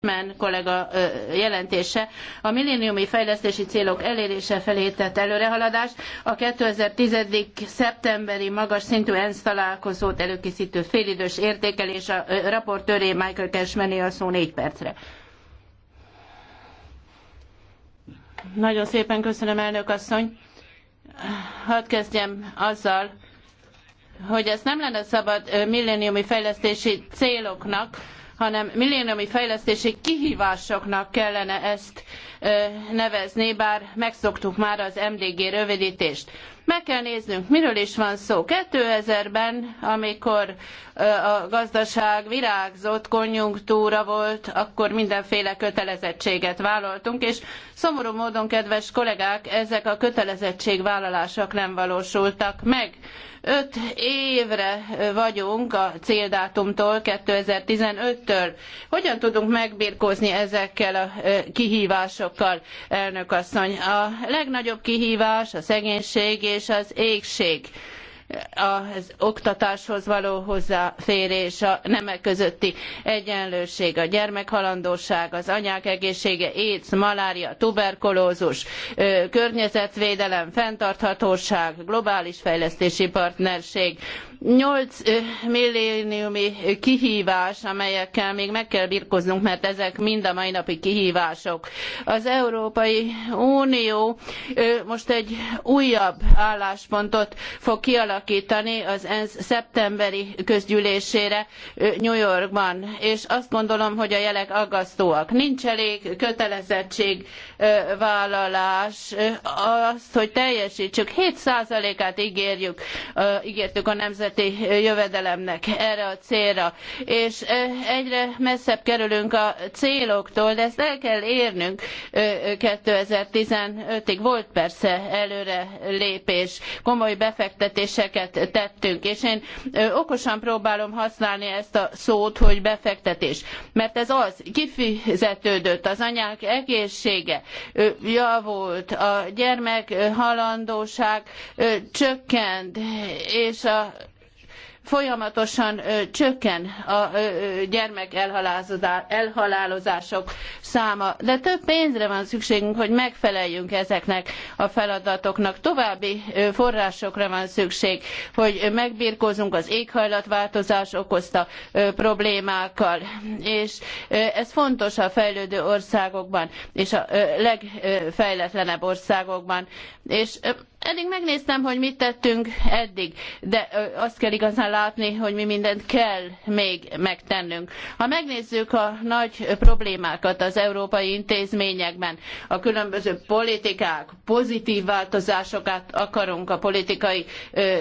Men kollega jelentése a milleniumi fejlesztési célok elérése felé tett előrehaladást, a 2010. szeptemberi magas szintű ENSZ találkozót előkészítő félidős értékelés a raportőré Michael Cashmané a szó négy percre. Nagyon szépen köszönöm, elnök asszony. Hadd kezdjem azzal, hogy ezt nem lenne szabad milleniumi fejlesztési céloknak, hanem milléniumi fejlesztési kihívásoknak kellene ezt nevezni, bár megszoktuk már az MDG rövidtést. Meg kell néznünk, miről is van szó. 2000-ben, amikor a gazdaság virágzott konjunktúra volt, akkor mindenféle kötelezettséget vállaltunk, és szomorú módon, kedves kollégák, ezek a kötelezettségvállalások nem valósultak meg. Öt évre vagyunk a céldátumtól, 2015-től. Hogyan tudunk megbirkózni ezekkel a kihívásokkal, elnök asszony? A legnagyobb kihívás a szegénység és és az égség az oktatáshoz való hozzáférés, a nemek közötti egyenlőség, a gyermekhalandóság, az anyák egészsége, AIDS, malária, tuberkulózus, környezetvédelem, fenntarthatóság, globális fejlesztési partnerség, nyolc milléniumi kihívás, amelyekkel még meg kell birkoznunk, mert ezek mind a mai napi kihívások. Az Európai Unió most egy újabb álláspontot fog kialakítani az ENSZ szeptemberi közgyűlésére New Yorkban, és azt gondolom, hogy a jelek aggasztóak. Nincs elég kötelezettségvállalás, azt, hogy teljesítsük. 7%-át ígérjük, ígértük a nemzeti nemzeti jövedelemnek erre a célra. És egyre messzebb kerülünk a céloktól, de ezt el kell érnünk 2015-ig. Volt persze előre lépés, komoly befektetéseket tettünk, és én okosan próbálom használni ezt a szót, hogy befektetés, mert ez az, kifizetődött, az anyák egészsége javult, a gyermek halandóság csökkent, és a folyamatosan csökken a gyermek elhalálozások száma, de több pénzre van szükségünk, hogy megfeleljünk ezeknek a feladatoknak. További forrásokra van szükség, hogy megbirkózzunk az éghajlatváltozás okozta problémákkal, és ez fontos a fejlődő országokban és a legfejletlenebb országokban. És Eddig megnéztem, hogy mit tettünk eddig, de azt kell igazán látni, hogy mi mindent kell még megtennünk. Ha megnézzük a nagy problémákat az európai intézményekben, a különböző politikák, pozitív változásokat akarunk a politikai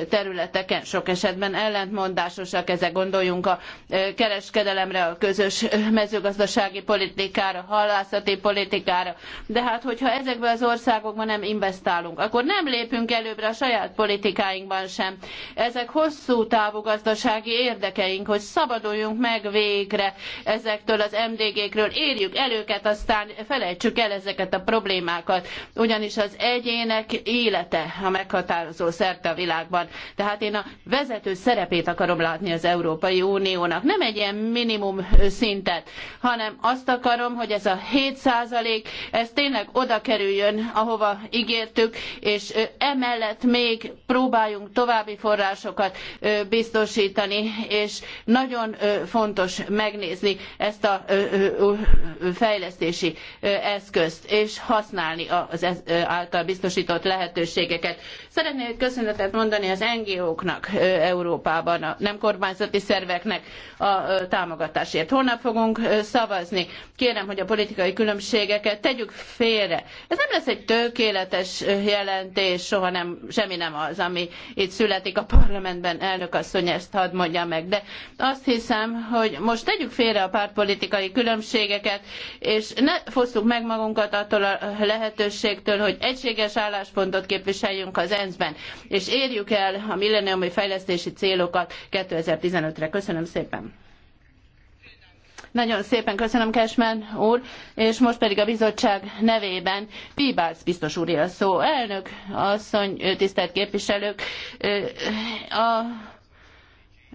területeken, sok esetben ellentmondásosak ezek, gondoljunk a kereskedelemre, a közös mezőgazdasági politikára, halászati politikára, de hát hogyha ezekben az országokban nem investálunk, akkor nem lépünk léptünk előbbre a saját politikáinkban sem. Ezek hosszú távú gazdasági érdekeink, hogy szabaduljunk meg végre ezektől az MDG-kről, érjük el őket, aztán felejtsük el ezeket a problémákat, ugyanis az egyének élete a meghatározó szerte a világban. Tehát én a vezető szerepét akarom látni az Európai Uniónak. Nem egy ilyen minimum szintet, hanem azt akarom, hogy ez a 7 százalék, ez tényleg oda kerüljön, ahova ígértük, és emellett még próbáljunk további forrásokat biztosítani, és nagyon fontos megnézni ezt a fejlesztési eszközt, és használni az által biztosított lehetőségeket. Szeretnék köszönetet mondani az NGO-knak Európában, a nem kormányzati szerveknek a támogatásért. Holnap fogunk szavazni. Kérem, hogy a politikai különbségeket tegyük félre. Ez nem lesz egy tökéletes jelentés, soha nem, semmi nem az, ami itt születik a parlamentben. Elnök asszony ezt hadd mondja meg. De azt hiszem, hogy most tegyük félre a pártpolitikai különbségeket, és ne fosszuk meg magunkat attól a lehetőségtől, hogy egységes álláspontot képviseljünk az ENSZ 2009-ben, és érjük el a milleniumi fejlesztési célokat 2015-re. Köszönöm szépen! Nagyon szépen köszönöm Kesmen úr, és most pedig a bizottság nevében Pibálc biztos úr a szó. Elnök, asszony, tisztelt képviselők, a,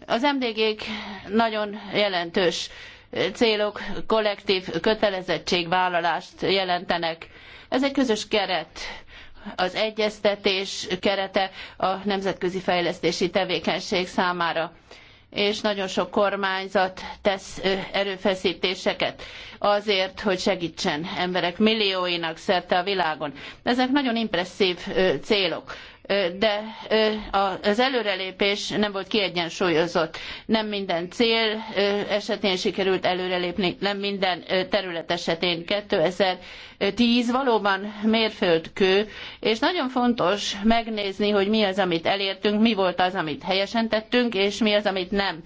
az MDG-k nagyon jelentős célok kollektív kötelezettségvállalást jelentenek. Ez egy közös keret az egyeztetés kerete a nemzetközi fejlesztési tevékenység számára és nagyon sok kormányzat tesz erőfeszítéseket azért, hogy segítsen emberek millióinak szerte a világon. Ezek nagyon impresszív célok de az előrelépés nem volt kiegyensúlyozott. Nem minden cél esetén sikerült előrelépni, nem minden terület esetén. 2000 10 valóban mérföldkő, és nagyon fontos megnézni, hogy mi az, amit elértünk, mi volt az, amit helyesen tettünk, és mi az, amit nem.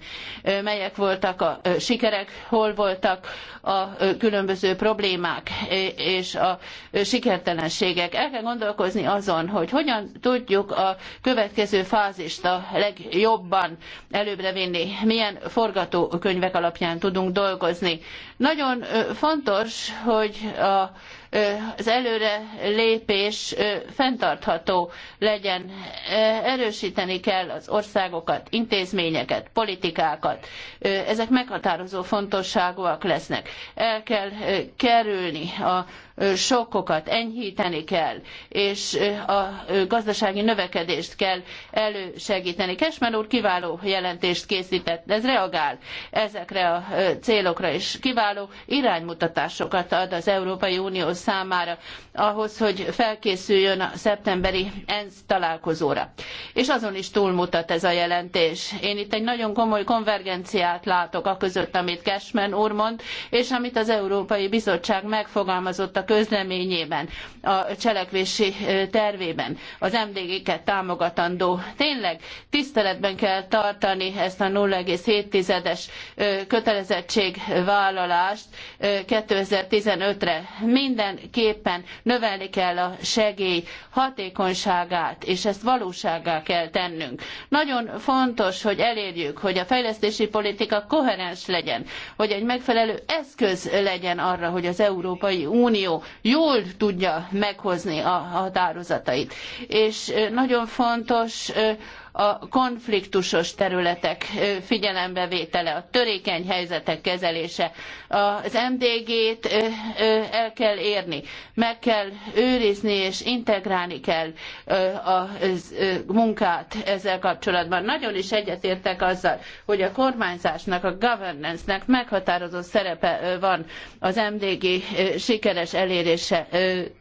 Melyek voltak a sikerek, hol voltak a különböző problémák és a sikertelenségek. El kell gondolkozni azon, hogy hogyan tudjuk a következő fázist a legjobban előbbre vinni, milyen forgatókönyvek alapján tudunk dolgozni. Nagyon fontos, hogy a az előre lépés fenntartható legyen. Erősíteni kell az országokat, intézményeket, politikákat. Ezek meghatározó fontosságúak lesznek. El kell kerülni a sokkokat enyhíteni kell, és a gazdasági növekedést kell elősegíteni. Kesmen úr kiváló jelentést készített, ez reagál ezekre a célokra, és kiváló iránymutatásokat ad az Európai Unió számára ahhoz, hogy felkészüljön a szeptemberi ENSZ találkozóra. És azon is túlmutat ez a jelentés. Én itt egy nagyon komoly konvergenciát látok a között, amit Kesmen úr mond, és amit az Európai Bizottság megfogalmazott a közleményében, a cselekvési eh, tervében az MDG-ket támogatandó. Tényleg tiszteletben kell tartani ezt a 0,7-es eh, kötelezettségvállalást 2015-re. Eh, Mindenképpen növelni kell a segély hatékonyságát, és ezt valóságá kell tennünk. Nagyon fontos, hogy elérjük, hogy a fejlesztési politika koherens legyen, hogy egy megfelelő eszköz legyen arra, hogy az Európai Unió jól tudja meghozni a határozatait. És nagyon fontos, a konfliktusos területek figyelembevétele, a törékeny helyzetek kezelése. Az MDG-t el kell érni, meg kell őrizni és integrálni kell a munkát ezzel kapcsolatban. Nagyon is egyetértek azzal, hogy a kormányzásnak, a governance-nek meghatározó szerepe van az MDG sikeres elérése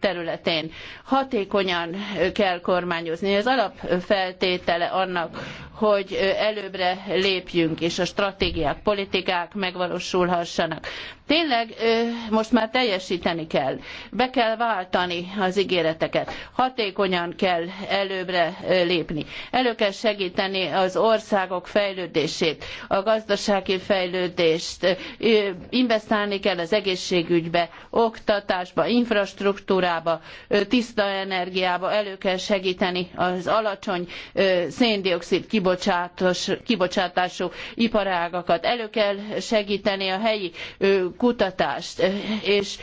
területén. Hatékonyan kell kormányozni. Ez alapfeltétele vannak hogy előbbre lépjünk, és a stratégiák, politikák megvalósulhassanak. Tényleg most már teljesíteni kell, be kell váltani az ígéreteket, hatékonyan kell előbbre lépni, elő kell segíteni az országok fejlődését, a gazdasági fejlődést, investálni kell az egészségügybe, oktatásba, infrastruktúrába, tiszta energiába, elő kell segíteni az alacsony széndiokszid kibocsátását, kibocsátású iparágakat. Elő kell segíteni a helyi kutatást és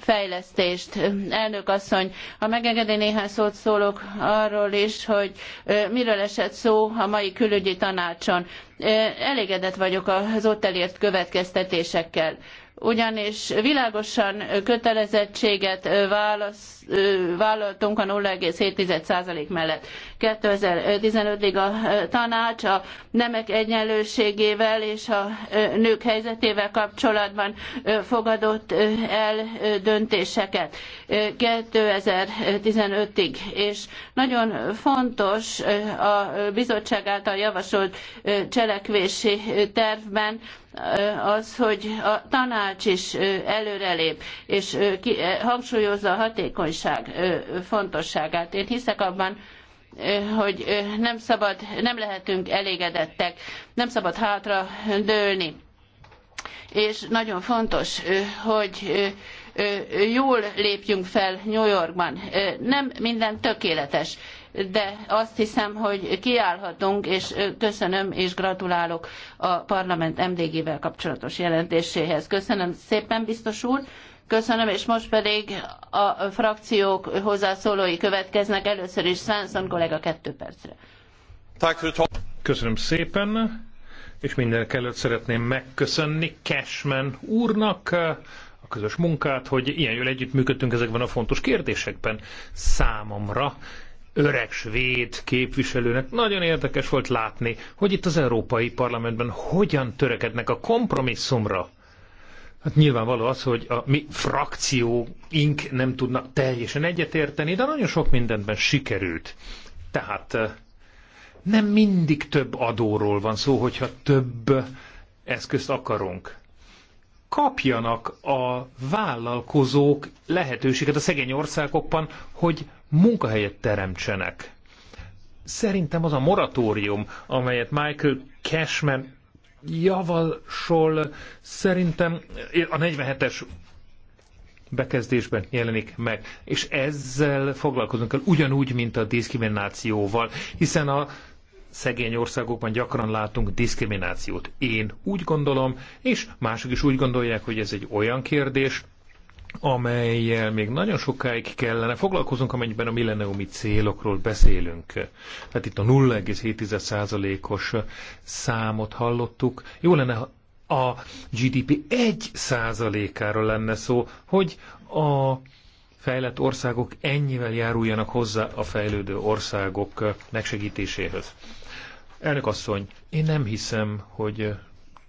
fejlesztést. Elnök asszony, ha megengedi néhány szót szólok arról is, hogy miről esett szó a mai külügyi tanácson. Elégedett vagyok az ott elért következtetésekkel ugyanis világosan kötelezettséget vállaltunk a 0,7% mellett. 2015-ig a tanács a nemek egyenlőségével és a nők helyzetével kapcsolatban fogadott el döntéseket 2015-ig. És nagyon fontos a bizottság által javasolt cselekvési tervben az, hogy a tanács is előrelép, és hangsúlyozza a hatékonyság fontosságát. Én hiszek abban, hogy nem szabad, nem lehetünk elégedettek, nem szabad hátra dőlni. És nagyon fontos, hogy jól lépjünk fel New Yorkban. Nem minden tökéletes, de azt hiszem, hogy kiállhatunk, és köszönöm és gratulálok a parlament MDG-vel kapcsolatos jelentéséhez. Köszönöm szépen, biztos úr. Köszönöm, és most pedig a frakciók hozzászólói következnek. Először is Svensson kollega kettő percre. Köszönöm szépen, és mindenek előtt szeretném megköszönni Cashman úrnak a közös munkát, hogy ilyen jól együttműködtünk ezekben a fontos kérdésekben számomra öreg svéd képviselőnek nagyon érdekes volt látni, hogy itt az Európai Parlamentben hogyan törekednek a kompromisszumra. Hát nyilvánvaló az, hogy a mi frakcióink nem tudnak teljesen egyetérteni, de nagyon sok mindenben sikerült. Tehát eh, nem mindig több adóról van szó, hogyha több eszközt akarunk. Kapjanak a vállalkozók lehetőséget a szegény országokban, hogy munkahelyet teremtsenek. Szerintem az a moratórium, amelyet Michael Cashman javasol, szerintem a 47-es bekezdésben jelenik meg. És ezzel foglalkozunk kell ugyanúgy, mint a diszkriminációval, hiszen a szegény országokban gyakran látunk diszkriminációt. Én úgy gondolom, és mások is úgy gondolják, hogy ez egy olyan kérdés, amelyel még nagyon sokáig kellene foglalkozunk, amennyiben a milleniumi célokról beszélünk. Tehát itt a 0,7%-os számot hallottuk. Jó lenne, ha a GDP 1%-ára lenne szó, hogy a fejlett országok ennyivel járuljanak hozzá a fejlődő országok megsegítéséhez. Elnök asszony, én nem hiszem, hogy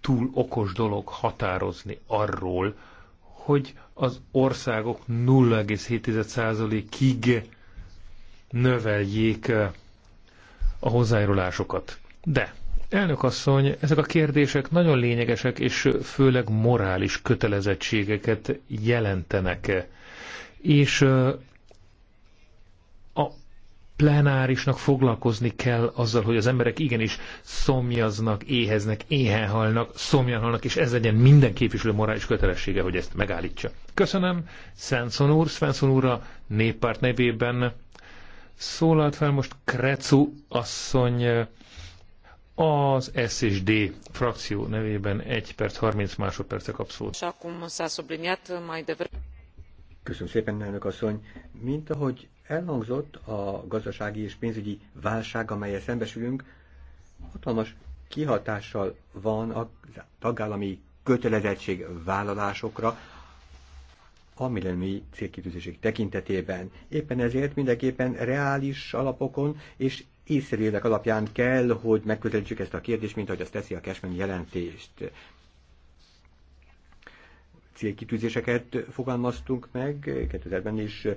túl okos dolog határozni arról, hogy az országok 0,7%-ig növeljék eh, a hozzájárulásokat. De, elnök asszony, ezek a kérdések nagyon lényegesek, és főleg morális kötelezettségeket jelentenek. És eh, plenárisnak foglalkozni kell azzal, hogy az emberek igenis szomjaznak, éheznek, éhen halnak, szomjan halnak, és ez legyen minden képviselő morális kötelessége, hogy ezt megállítsa. Köszönöm, Szenszon úr, Svensson úr a néppárt nevében szólalt fel most Krecu asszony az SSD frakció nevében 1 perc 30 másodperce kap szót. Köszönöm szépen, elnök asszony. Mint ahogy Elhangzott a gazdasági és pénzügyi válság, amelyel szembesülünk, hatalmas kihatással van a tagállami kötelezettség vállalásokra, a millenői célkitűzések tekintetében. Éppen ezért mindenképpen reális alapokon és észrevélek alapján kell, hogy megközelítsük ezt a kérdést, mint ahogy azt teszi a Cashman jelentést célkitűzéseket fogalmaztunk meg, 2000-ben is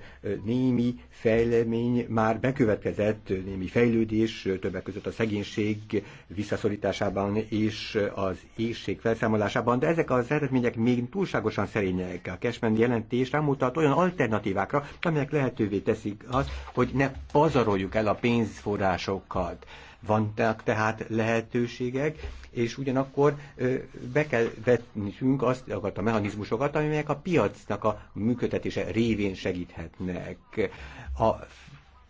némi fejlemény már bekövetkezett, némi fejlődés többek között a szegénység visszaszorításában és az éjség felszámolásában, de ezek az eredmények még túlságosan szerények. A Cashman jelentés rámutat olyan alternatívákra, amelyek lehetővé teszik azt, hogy ne pazaroljuk el a pénzforrásokat. Vannak tehát lehetőségek, és ugyanakkor be kell vetnünk azokat a mechanizmusokat, amelyek a piacnak a működtetése révén segíthetnek. A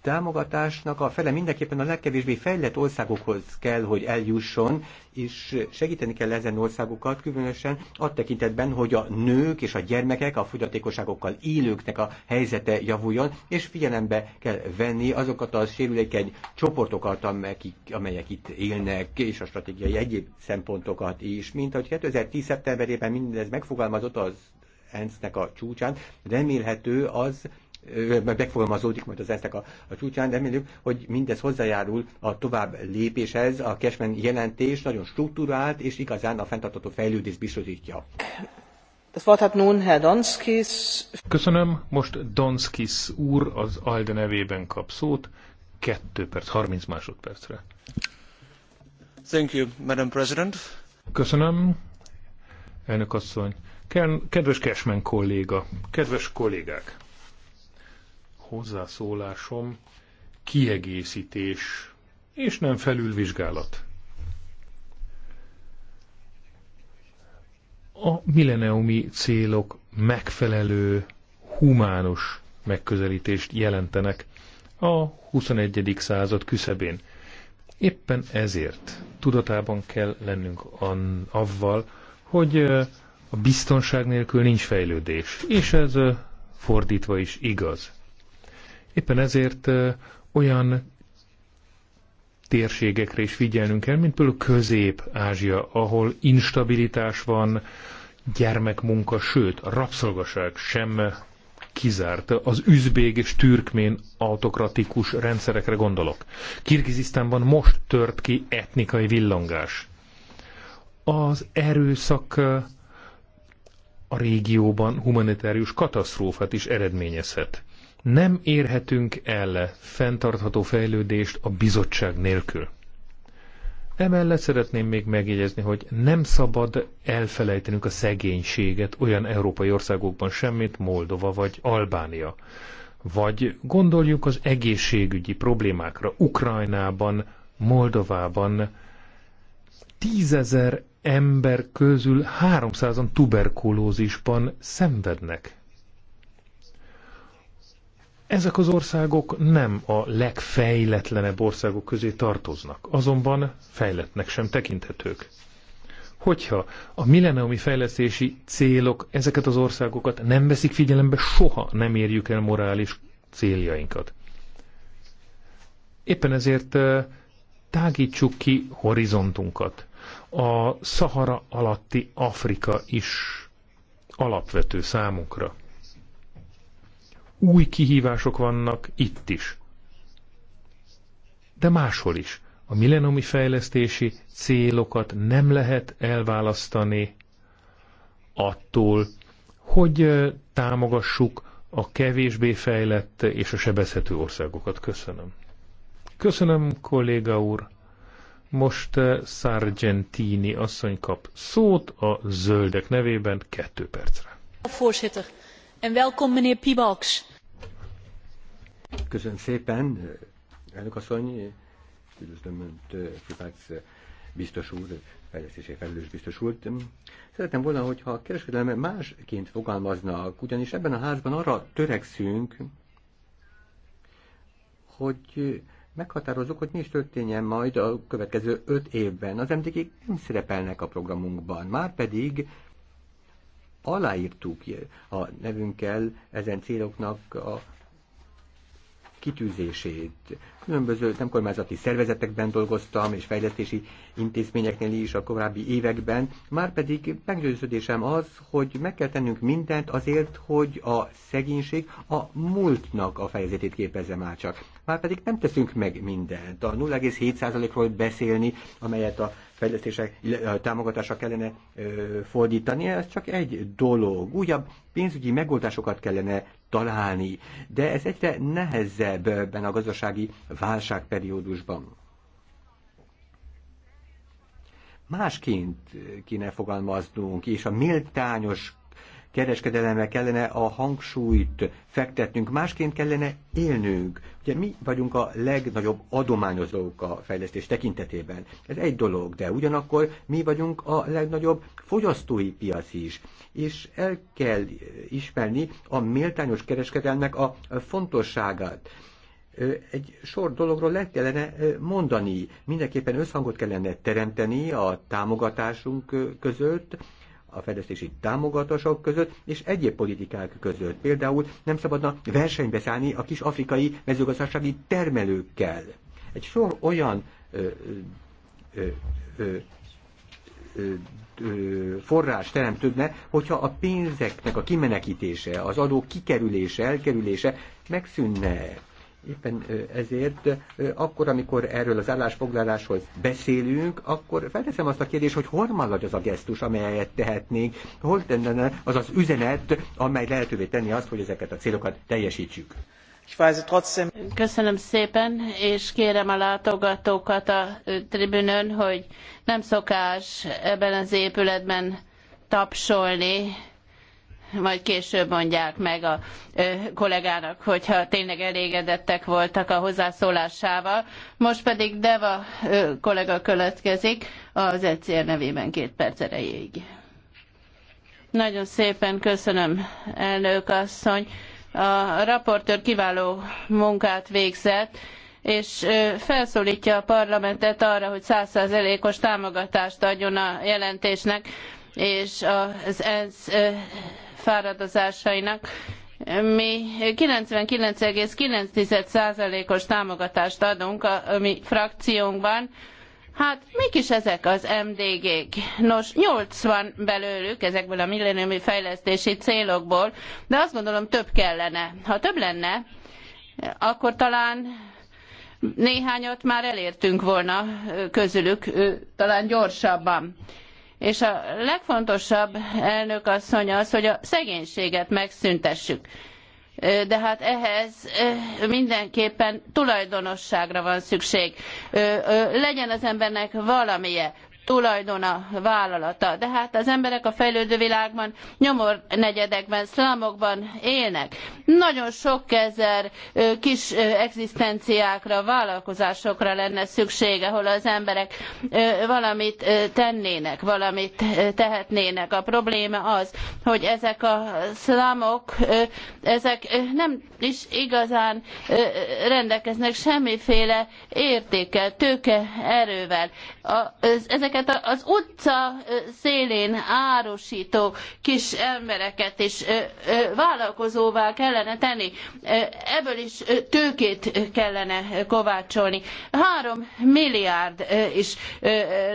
támogatásnak a fele mindenképpen a legkevésbé fejlett országokhoz kell, hogy eljusson, és segíteni kell ezen országokat, különösen a tekintetben, hogy a nők és a gyermekek, a fogyatékosságokkal élőknek a helyzete javuljon, és figyelembe kell venni azokat a sérülékeny csoportokat, amelyek, amelyek itt élnek, és a stratégiai egyéb szempontokat is. Mint ahogy 2010. szeptemberében mindez megfogalmazott az ENSZ-nek a csúcsán, remélhető az, megfogalmazódik majd az esznek a, a csúcsán, de reméljük, hogy mindez hozzájárul a tovább lépéshez, a Cashman jelentés nagyon struktúrált és igazán a fenntartató fejlődés biztosítja. Köszönöm, most Donskis úr az ALDE nevében kap szót, 2 perc, 30 másodpercre. Thank you, Madam President. Köszönöm, elnök asszony. Kedves Cashman kolléga, kedves kollégák! hozzászólásom kiegészítés, és nem felülvizsgálat. A milleniumi célok megfelelő, humánus megközelítést jelentenek a 21. század küszöbén. Éppen ezért tudatában kell lennünk avval, hogy a biztonság nélkül nincs fejlődés, és ez fordítva is igaz. Éppen ezért olyan térségekre is figyelnünk kell, mint például Közép-Ázsia, ahol instabilitás van, gyermekmunka, sőt, a rabszolgaság sem kizárt. Az üzbég és türkmén autokratikus rendszerekre gondolok. Kirgizisztánban most tört ki etnikai villangás. Az erőszak a régióban humanitárius katasztrófát is eredményezhet. Nem érhetünk el fenntartható fejlődést a bizottság nélkül. Emellett szeretném még megjegyezni, hogy nem szabad elfelejtenünk a szegénységet olyan európai országokban semmit Moldova vagy Albánia. Vagy gondoljuk az egészségügyi problémákra Ukrajnában, Moldovában. Tízezer ember közül 300-an tuberkulózisban szenvednek. Ezek az országok nem a legfejletlenebb országok közé tartoznak, azonban fejletnek sem tekinthetők. Hogyha a milleniumi fejlesztési célok ezeket az országokat nem veszik figyelembe, soha nem érjük el morális céljainkat. Éppen ezért tágítsuk ki horizontunkat. A Szahara alatti Afrika is alapvető számunkra új kihívások vannak itt is. De máshol is. A millenomi fejlesztési célokat nem lehet elválasztani attól, hogy támogassuk a kevésbé fejlett és a sebezhető országokat. Köszönöm. Köszönöm, kolléga úr. Most Sargentini asszony kap szót a zöldek nevében kettő percre. En welkom, meneer Pibalks. Köszönöm szépen, elnök asszony. Üdvözlöm Önt, Pibalks biztos úr, fejlesztési felelős biztos úr. Szeretem volna, hogyha a kereskedelme másként fogalmaznak, ugyanis ebben a házban arra törekszünk, hogy meghatározzuk, hogy mi is történjen majd a következő öt évben. Az MDG nem szerepelnek a programunkban, már pedig aláírtuk a nevünkkel ezen céloknak a kitűzését. Különböző nem kormányzati szervezetekben dolgoztam, és fejlesztési intézményeknél is a korábbi években, már pedig meggyőződésem az, hogy meg kell tennünk mindent azért, hogy a szegénység a múltnak a fejezetét képezze már csak. Már pedig nem teszünk meg mindent. A 0,7%-ról beszélni, amelyet a fejlesztések támogatása kellene fordítani, ez csak egy dolog. Újabb pénzügyi megoldásokat kellene találni, de ez egyre nehezebb ebben a gazdasági válságperiódusban másként kéne fogalmaznunk, és a méltányos kereskedelemre kellene a hangsúlyt fektetnünk, másként kellene élnünk. Ugye mi vagyunk a legnagyobb adományozók a fejlesztés tekintetében. Ez egy dolog, de ugyanakkor mi vagyunk a legnagyobb fogyasztói piac is. És el kell ismerni a méltányos kereskedelmek a fontosságát egy sor dologról le kellene mondani. Mindenképpen összhangot kellene teremteni a támogatásunk között, a fejlesztési támogatások között és egyéb politikák között. Például nem szabadna versenybe szállni a kis afrikai mezőgazdasági termelőkkel. Egy sor olyan ö, ö, ö, ö, forrás teremtődne, hogyha a pénzeknek a kimenekítése, az adó kikerülése, elkerülése megszűnne. Éppen ezért akkor, amikor erről az állásfoglalásról beszélünk, akkor felteszem azt a kérdést, hogy hol marad az a gesztus, amelyet tehetnénk, hol tenne az az üzenet, amely lehetővé tenni azt, hogy ezeket a célokat teljesítsük. Köszönöm szépen, és kérem a látogatókat a tribünön, hogy nem szokás ebben az épületben tapsolni, majd később mondják meg a kollégának, hogyha tényleg elégedettek voltak a hozzászólásával. Most pedig Deva kollega következik az ECR nevében két perc erejéig. Nagyon szépen köszönöm, elnök asszony. A raportőr kiváló munkát végzett, és felszólítja a parlamentet arra, hogy százszerzelékos támogatást adjon a jelentésnek, és az ENSZ fáradozásainak. Mi 99,9%-os támogatást adunk a, a mi frakciónkban, Hát, mik is ezek az MDG-k? Nos, 80 belőlük, ezekből a milleniumi fejlesztési célokból, de azt gondolom több kellene. Ha több lenne, akkor talán néhányat már elértünk volna közülük, talán gyorsabban. És a legfontosabb elnök asszony az, hogy a szegénységet megszüntessük. De hát ehhez mindenképpen tulajdonosságra van szükség. Legyen az embernek valamije, tulajdona, vállalata. De hát az emberek a fejlődő világban nyomor negyedekben, szlámokban élnek. Nagyon sok ezer kis egzisztenciákra, vállalkozásokra lenne szükség, ahol az emberek valamit tennének, valamit tehetnének. A probléma az, hogy ezek a szlámok, ezek nem is igazán rendelkeznek semmiféle értékkel, tőke erővel. ezeket ezeket az utca szélén árusító kis embereket is vállalkozóvá kellene tenni. Ebből is tőkét kellene kovácsolni. Három milliárd is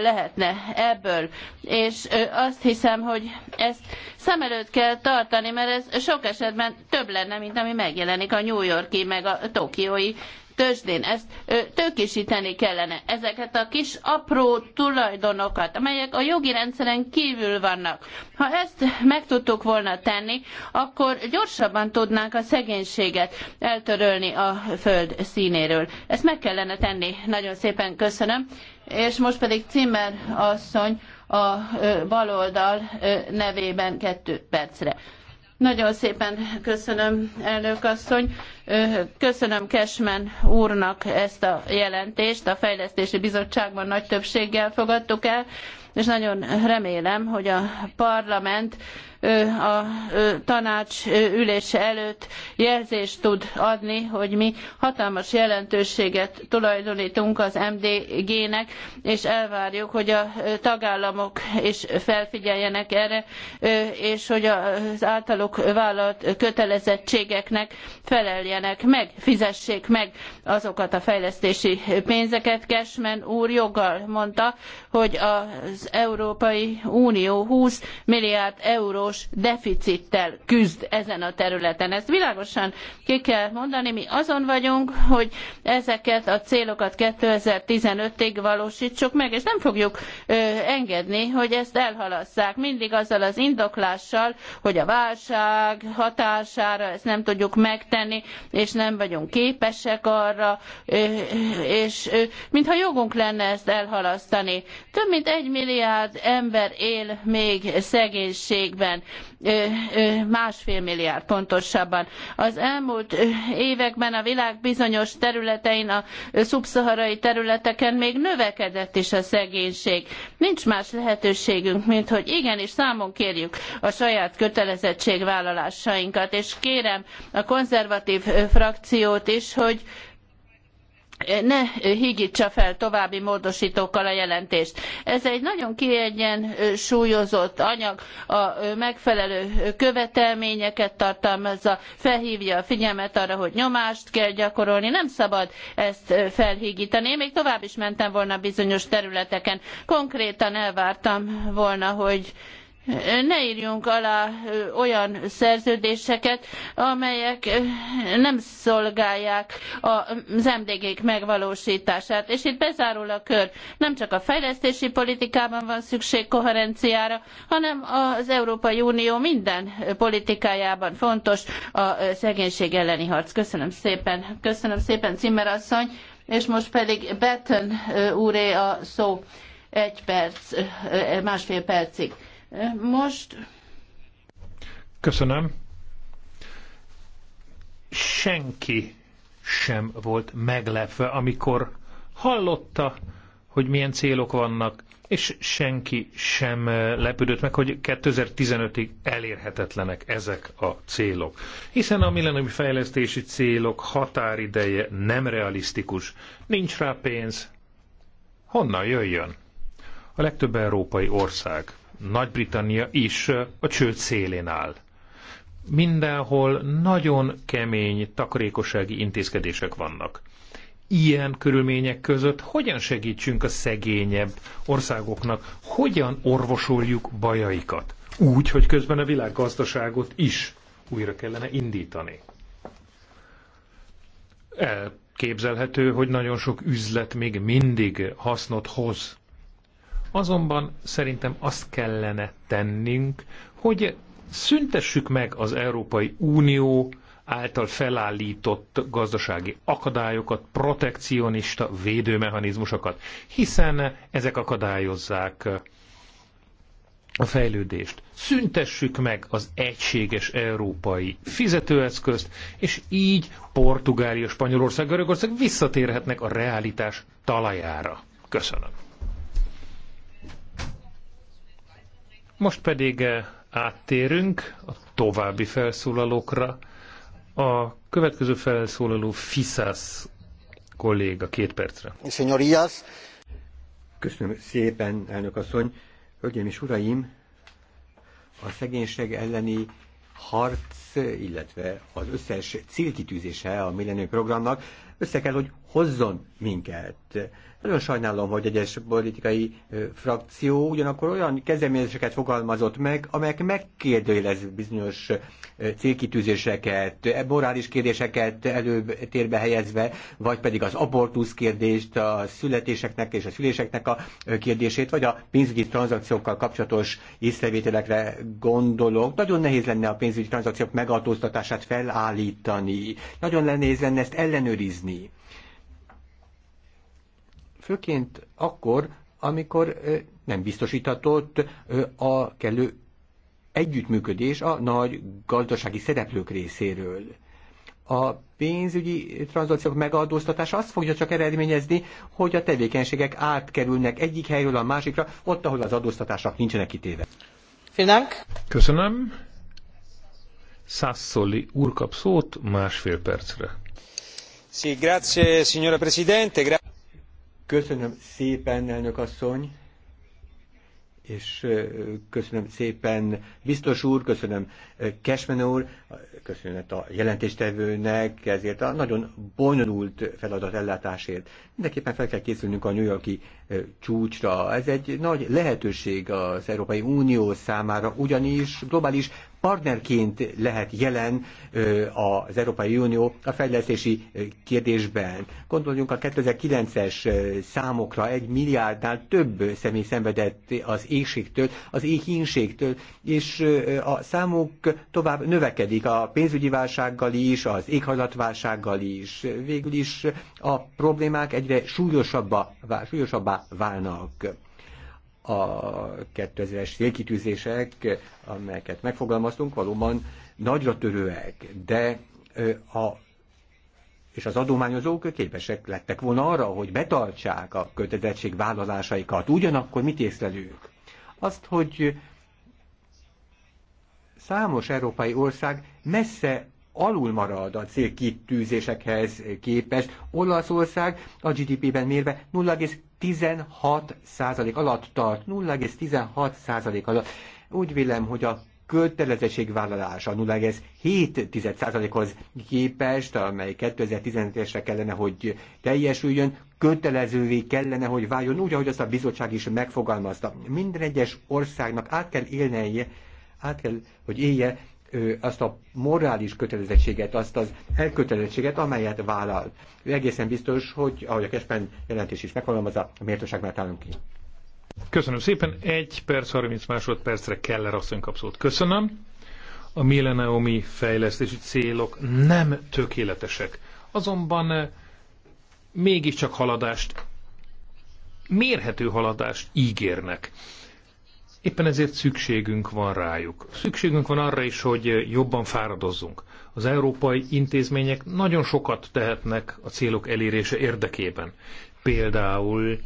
lehetne ebből. És azt hiszem, hogy ezt szem előtt kell tartani, mert ez sok esetben több lenne, mint ami megjelenik a New Yorki meg a tokiói tőzsdén. Ezt tőkisíteni kellene. Ezeket a kis apró tulajdonokat, amelyek a jogi rendszeren kívül vannak. Ha ezt meg tudtuk volna tenni, akkor gyorsabban tudnánk a szegénységet eltörölni a föld színéről. Ezt meg kellene tenni. Nagyon szépen köszönöm. És most pedig Cimmer asszony a baloldal nevében kettő percre. Nagyon szépen köszönöm, elnök asszony. Köszönöm Kesmen úrnak ezt a jelentést. A Fejlesztési Bizottságban nagy többséggel fogadtuk el, és nagyon remélem, hogy a parlament a tanács ülése előtt jelzést tud adni, hogy mi hatalmas jelentőséget tulajdonítunk az MDG-nek, és elvárjuk, hogy a tagállamok is felfigyeljenek erre, és hogy az általuk vállalt kötelezettségeknek feleljenek meg, fizessék meg azokat a fejlesztési pénzeket. Cashman úr joggal mondta, hogy az Európai Unió 20 milliárd euró súlyos deficittel küzd ezen a területen. Ezt világosan ki kell mondani, mi azon vagyunk, hogy ezeket a célokat 2015-ig valósítsuk meg, és nem fogjuk ö, engedni, hogy ezt elhalasszák. Mindig azzal az indoklással, hogy a válság hatására ezt nem tudjuk megtenni, és nem vagyunk képesek arra, ö, és ö, mintha jogunk lenne ezt elhalasztani. Több mint egy milliárd ember él még szegénységben másfél milliárd pontosabban. Az elmúlt években a világ bizonyos területein, a szubszaharai területeken még növekedett is a szegénység. Nincs más lehetőségünk, mint hogy igenis számon kérjük a saját kötelezettségvállalásainkat, és kérem a konzervatív frakciót is, hogy ne hígtsa fel további módosítókkal a jelentést. Ez egy nagyon kiegyensúlyozott anyag, a megfelelő követelményeket tartalmazza, felhívja a figyelmet arra, hogy nyomást kell gyakorolni, nem szabad ezt felhigítani. Én még tovább is mentem volna bizonyos területeken. Konkrétan elvártam volna, hogy ne írjunk alá olyan szerződéseket, amelyek nem szolgálják az MDG-k megvalósítását. És itt bezárul a kör. Nem csak a fejlesztési politikában van szükség koherenciára, hanem az Európai Unió minden politikájában fontos a szegénység elleni harc. Köszönöm szépen. Köszönöm szépen, Cimmer asszony. És most pedig Betten úré a szó egy perc, másfél percig. Most... Köszönöm. Senki sem volt meglepve, amikor hallotta, hogy milyen célok vannak, és senki sem eh, lepődött meg, hogy 2015-ig elérhetetlenek ezek a célok. Hiszen a millenniumi fejlesztési célok határideje nem realisztikus, nincs rá pénz, honnan jöjjön? A legtöbb európai ország nagy-Britannia is a csőd szélén áll. Mindenhol nagyon kemény takarékossági intézkedések vannak. Ilyen körülmények között hogyan segítsünk a szegényebb országoknak, hogyan orvosoljuk bajaikat? Úgy, hogy közben a világgazdaságot is újra kellene indítani. Elképzelhető, hogy nagyon sok üzlet még mindig hasznot hoz Azonban szerintem azt kellene tennünk, hogy szüntessük meg az Európai Unió által felállított gazdasági akadályokat, protekcionista védőmechanizmusokat, hiszen ezek akadályozzák a fejlődést. Szüntessük meg az egységes európai fizetőeszközt, és így Portugália, Spanyolország, Görögország visszatérhetnek a realitás talajára. Köszönöm. Most pedig eh, áttérünk a további felszólalókra. A következő felszólaló Fisas kolléga két percre. Señorías. Köszönöm szépen, elnök asszony. Hölgyeim és uraim, a szegénység elleni harc, illetve az összes célkitűzése a millennium programnak össze kell, hogy hozzon minket. Nagyon sajnálom, hogy egyes politikai frakció ugyanakkor olyan kezdeményezéseket fogalmazott meg, amelyek megkérdőjelez bizonyos célkitűzéseket, e, morális kérdéseket előtérbe helyezve, vagy pedig az abortusz kérdést, a születéseknek és a szüléseknek a kérdését, vagy a pénzügyi tranzakciókkal kapcsolatos észrevételekre gondolok. Nagyon nehéz lenne a pénzügyi tranzakciók megaltóztatását felállítani. Nagyon nehéz lenne ezt ellenőrizni főként akkor, amikor nem biztosítatott a kellő együttműködés a nagy gazdasági szereplők részéről. A pénzügyi tranzakciók megadóztatása azt fogja csak eredményezni, hogy a tevékenységek átkerülnek egyik helyről a másikra, ott, ahol az adóztatásnak nincsenek kitéve. Köszönöm. Sassoli úr kap szót másfél percre. Sí, grazie, signora Presidente. Grazie. Köszönöm szépen, elnök asszony, és köszönöm szépen biztos úr, köszönöm Kesmen úr, köszönet a jelentéstevőnek ezért a nagyon bonyolult feladat ellátásért. Mindenképpen fel kell készülnünk a New Yorki csúcsra. Ez egy nagy lehetőség az Európai Unió számára, ugyanis globális partnerként lehet jelen az Európai Unió a fejlesztési kérdésben. Gondoljunk a 2009-es számokra, egy milliárdnál több személy szenvedett az éhségtől, az éhínségtől, és a számok tovább növekedik a pénzügyi válsággal is, az éghajlatválsággal is. Végül is a problémák egyre súlyosabbá, súlyosabbá válnak a 2000-es célkitűzések, amelyeket megfogalmaztunk, valóban nagyra törőek, de a és az adományozók képesek lettek volna arra, hogy betartsák a kötelezettség vállalásaikat. Ugyanakkor mit észlelünk? Azt, hogy számos európai ország messze alul marad a célkitűzésekhez képest. Olaszország a GDP-ben mérve 0,16 százalék alatt tart, 0,16 százalék alatt. Úgy vélem, hogy a kötelezettségvállalása 0,7%-hoz képest, amely 2015-esre kellene, hogy teljesüljön, kötelezővé kellene, hogy váljon, úgy, ahogy azt a bizottság is megfogalmazta. Minden egyes országnak át kell élnie, át kell, hogy élje azt a morális kötelezettséget, azt az elkötelezettséget, amelyet vállal. Egészen biztos, hogy ahogy a Kespen jelentés is megfogalmazza, a méltóság mellett állunk ki. Köszönöm szépen. Egy perc, 30 másodpercre Keller asszony kapszót. Köszönöm. A milleniumi fejlesztési célok nem tökéletesek, azonban mégiscsak haladást, mérhető haladást ígérnek. Éppen ezért szükségünk van rájuk. Szükségünk van arra is, hogy jobban fáradozzunk. Az európai intézmények nagyon sokat tehetnek a célok elérése érdekében. Például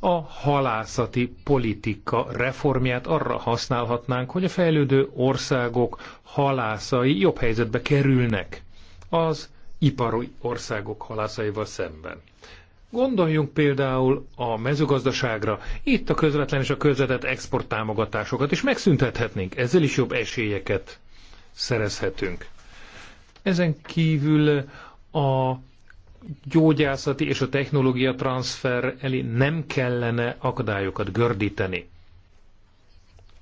a halászati politika reformját arra használhatnánk, hogy a fejlődő országok halászai jobb helyzetbe kerülnek az ipari országok halászaival szemben. Gondoljunk például a mezőgazdaságra, itt a közvetlen és a közvetett támogatásokat is megszüntethetnénk, ezzel is jobb esélyeket szerezhetünk. Ezen kívül a gyógyászati és a technológia transfer elé nem kellene akadályokat gördíteni.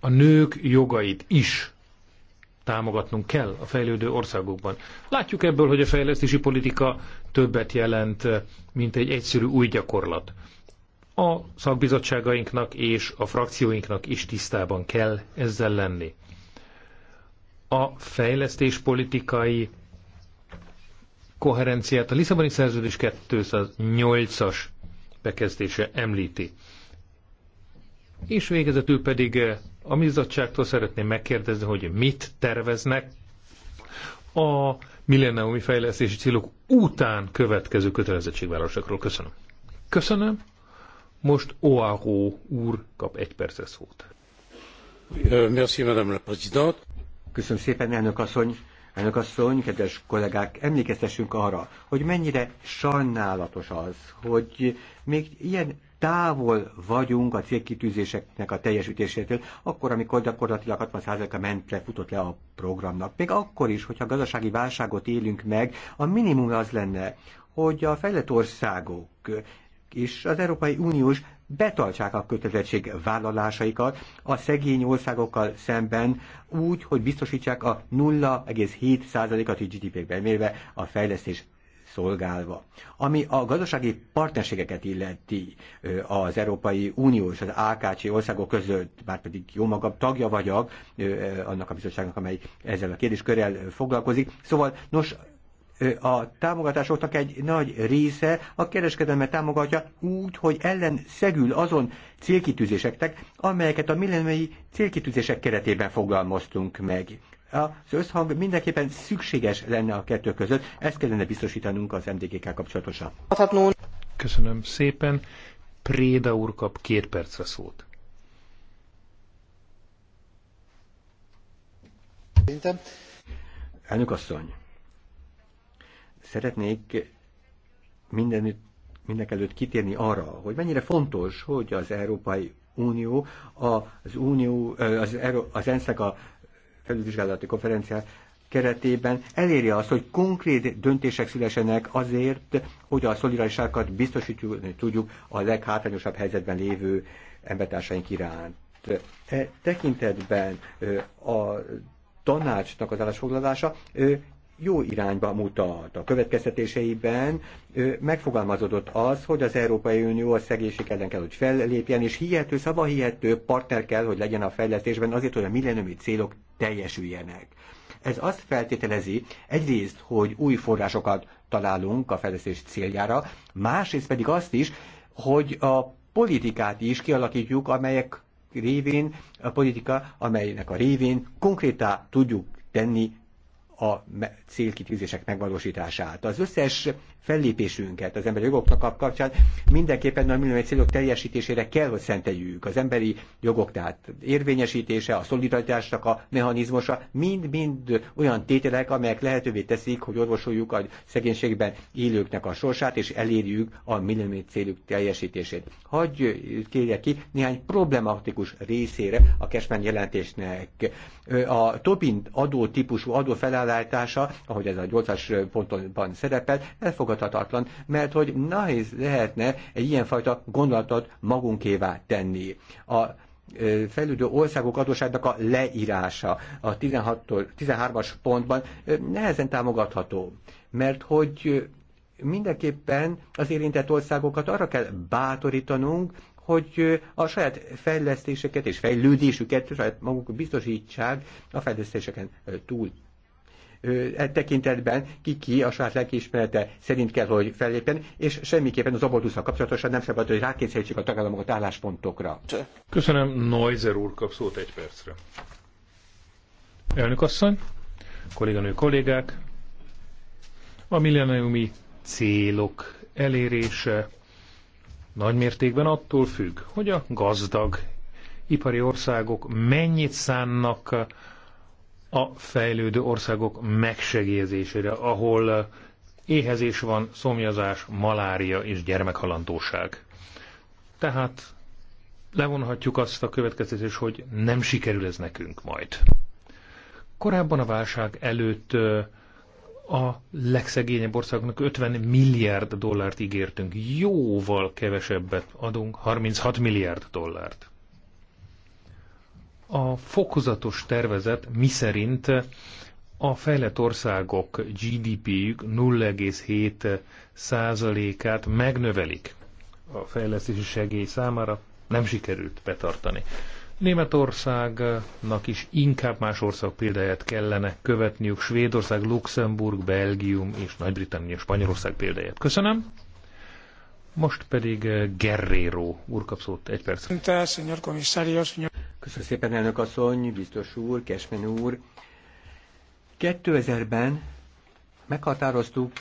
A nők jogait is támogatnunk kell a fejlődő országokban. Látjuk ebből, hogy a fejlesztési politika többet jelent, mint egy egyszerű új gyakorlat. A szakbizottságainknak és a frakcióinknak is tisztában kell ezzel lenni. A fejlesztéspolitikai koherenciát a Lisszaboni Szerződés 208-as bekezdése említi. És végezetül pedig eh, a bizottságtól szeretném megkérdezni, hogy mit terveznek a millenniumi fejlesztési célok után következő kötelezettségvállalásokról. Köszönöm. Köszönöm. Most Oahu úr kap egy percet szót. Euh, merci, madame Köszönöm szépen, elnök asszony. Elnök asszony, kedves kollégák, emlékeztessünk arra, hogy mennyire sajnálatos az, hogy még ilyen távol vagyunk a célkitűzéseknek a teljesítésétől, akkor, amikor gyakorlatilag 60%-a mentre futott le a programnak. Még akkor is, hogyha gazdasági válságot élünk meg, a minimum az lenne, hogy a fejlett országok és az Európai Uniós betartsák a kötelezettség vállalásaikat a szegény országokkal szemben úgy, hogy biztosítsák a 0,7%-at GDP-ben mérve a fejlesztés szolgálva. Ami a gazdasági partnerségeket illeti az Európai Unió és az AKC országok között, bár pedig jó magam tagja vagyok annak a bizottságnak, amely ezzel a kérdéskörrel foglalkozik. Szóval, nos, a támogatásoknak egy nagy része a kereskedelmet támogatja úgy, hogy ellen szegül azon célkitűzéseknek, amelyeket a millenői célkitűzések keretében fogalmaztunk meg az összhang mindenképpen szükséges lenne a kettő között, ezt kellene biztosítanunk az MDGK kapcsolatosan. Köszönöm szépen. Préda úr kap két percre szót. Szerintem. Elnök asszony, szeretnék mindenütt, mindenek előtt kitérni arra, hogy mennyire fontos, hogy az Európai Unió, az, unió, az, euró az ENSZ-nek a felülvizsgálati konferencia keretében eléri azt, hogy konkrét döntések szülesenek azért, hogy a szolidaritásokat biztosítani tudjuk a leghátrányosabb helyzetben lévő embertársaink iránt. E tekintetben a tanácsnak az állásfoglalása jó irányba mutat. A következtetéseiben megfogalmazódott az, hogy az Európai Unió a szegénység ellen kell, hogy fellépjen, és hihető, szavahihető partner kell, hogy legyen a fejlesztésben azért, hogy a millenőmi célok teljesüljenek. Ez azt feltételezi egyrészt, hogy új forrásokat találunk a fejlesztés céljára, másrészt pedig azt is, hogy a politikát is kialakítjuk, amelyek révén, a politika, amelynek a révén konkrétá tudjuk tenni a célkitűzések megvalósítását. Az összes fellépésünket az emberi jogoknak kapcsán mindenképpen a millenniumi célok teljesítésére kell, hogy szenteljük. Az emberi jogok tehát érvényesítése, a szolidaritásnak a mechanizmusa, mind-mind olyan tételek, amelyek lehetővé teszik, hogy orvosoljuk a szegénységben élőknek a sorsát, és elérjük a millenniumi célok teljesítését. Hagyj kérje ki néhány problematikus részére a Kesmen jelentésnek. A Tobin adó típusú adó felállítása, ahogy ez a 8-as ponton szerepel, elfogad elfogadhatatlan, mert hogy nehéz lehetne egy ilyenfajta gondolatot magunkévá tenni. A fejlődő országok adóságnak a leírása a 16-tól 13-as pontban nehezen támogatható, mert hogy mindenképpen az érintett országokat arra kell bátorítanunk, hogy a saját fejlesztéseket és fejlődésüket saját maguk biztosítsák a fejlesztéseken túl e tekintetben ki-ki a saját lelkiismerete szerint kell, hogy fellépjen, és semmiképpen az abortuszra kapcsolatosan nem szabad, hogy rákényszerítsük a tagállamokat álláspontokra. Köszönöm, Noizer úr kap szót egy percre. Elnök asszony, kolléganő kollégák, a milleniumi célok elérése nagymértékben attól függ, hogy a gazdag ipari országok mennyit szánnak a fejlődő országok megsegélyezésére, ahol éhezés van, szomjazás, malária és gyermekhalantóság. Tehát levonhatjuk azt a következtetés, hogy nem sikerül ez nekünk majd. Korábban a válság előtt a legszegényebb országoknak 50 milliárd dollárt ígértünk. Jóval kevesebbet adunk, 36 milliárd dollárt a fokozatos tervezet szerint a fejlett országok GDP-jük 0,7 százalékát megnövelik a fejlesztési segély számára, nem sikerült betartani. Németországnak is inkább más ország példáját kellene követniük, Svédország, Luxemburg, Belgium és Nagy-Britannia, Spanyolország példáját. Köszönöm. Most pedig eh, Guerrero úr kap szót egy perc. Köszönöm szépen, elnök asszony, biztos úr, Kesmen úr. 2000-ben meghatároztuk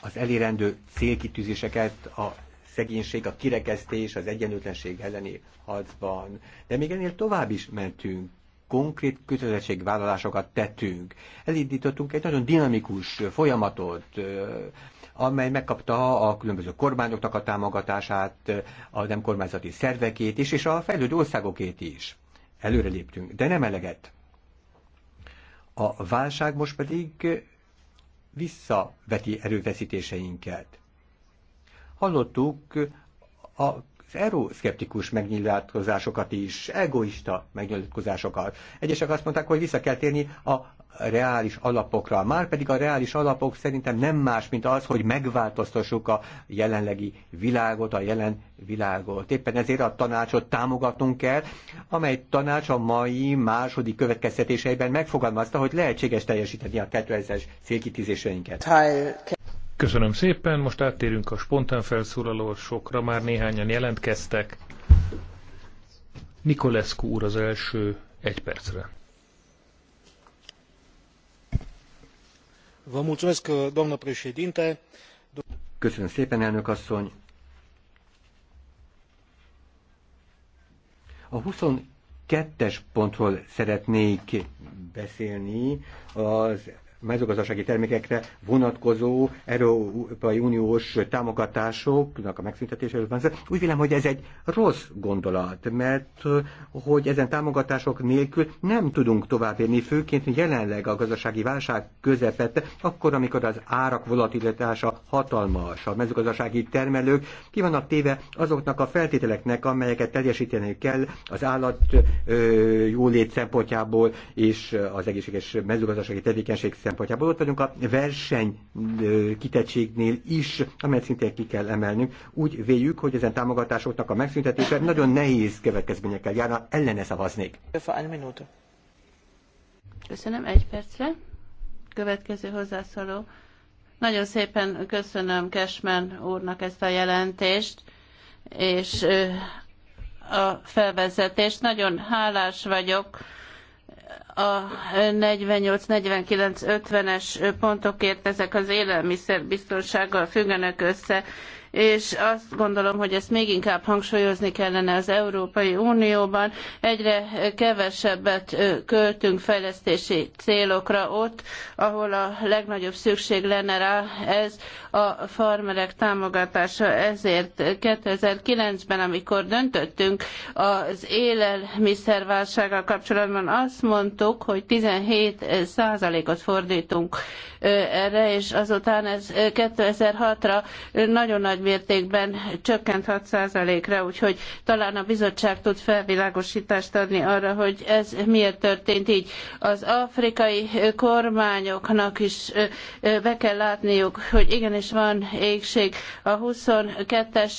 az elérendő célkitűzéseket a szegénység, a kirekesztés, az egyenlőtlenség elleni harcban. De még ennél tovább is mentünk konkrét kötelezettségvállalásokat tettünk. Elindítottunk egy nagyon dinamikus folyamatot amely megkapta a különböző kormányoknak a támogatását, a nem kormányzati szervekét is, és a fejlődő országokét is. Előre léptünk, de nem eleget. A válság most pedig visszaveti erőveszítéseinket. Hallottuk a az euroszkeptikus megnyilatkozásokat is, egoista megnyilatkozásokat. Egyesek azt mondták, hogy vissza kell térni a reális alapokra. Már pedig a reális alapok szerintem nem más, mint az, hogy megváltoztassuk a jelenlegi világot, a jelen világot. Éppen ezért a tanácsot támogatnunk kell, amely tanács a mai második következtetéseiben megfogalmazta, hogy lehetséges teljesíteni a 2000-es célkitűzéseinket. Köszönöm szépen, most áttérünk a spontán felszólalósokra, már néhányan jelentkeztek. Nikolescu úr az első egy percre. doamnă președinte. Köszönöm szépen, elnök A 22-es pontról szeretnék beszélni az mezőgazdasági termékekre vonatkozó Európai Uniós támogatásoknak a megszüntetéséről van Úgy vélem, hogy ez egy rossz gondolat, mert hogy ezen támogatások nélkül nem tudunk tovább élni, főként jelenleg a gazdasági válság közepette, akkor, amikor az árak volatilitása hatalmas, a mezőgazdasági termelők ki vannak téve azoknak a feltételeknek, amelyeket teljesíteni kell az állat jólét szempontjából és az egészséges mezőgazdasági tevékenység szempontjából szempontjából. Ott vagyunk a verseny kitettségnél is, amelyet szintén ki kell emelnünk. Úgy véljük, hogy ezen támogatásoknak a megszüntetése nagyon nehéz következményekkel járna, ellene szavaznék. Köszönöm, egy percre. Következő hozzászóló. Nagyon szépen köszönöm Kesmen úrnak ezt a jelentést, és a felvezetést. Nagyon hálás vagyok, a 48-49-50-es pontokért ezek az élelmiszer élelmiszerbiztonsággal függenek össze, és azt gondolom, hogy ezt még inkább hangsúlyozni kellene az Európai Unióban. Egyre kevesebbet költünk fejlesztési célokra ott, ahol a legnagyobb szükség lenne rá, ez a farmerek támogatása. Ezért 2009-ben, amikor döntöttünk az élelmiszerválsággal kapcsolatban, azt mondtuk, hogy 17 százalékot fordítunk erre, és azután ez 2006-ra nagyon nagy mértékben csökkent 6%-ra, úgyhogy talán a bizottság tud felvilágosítást adni arra, hogy ez miért történt így. Az afrikai kormányoknak is be kell látniuk, hogy igenis van égség a 22-es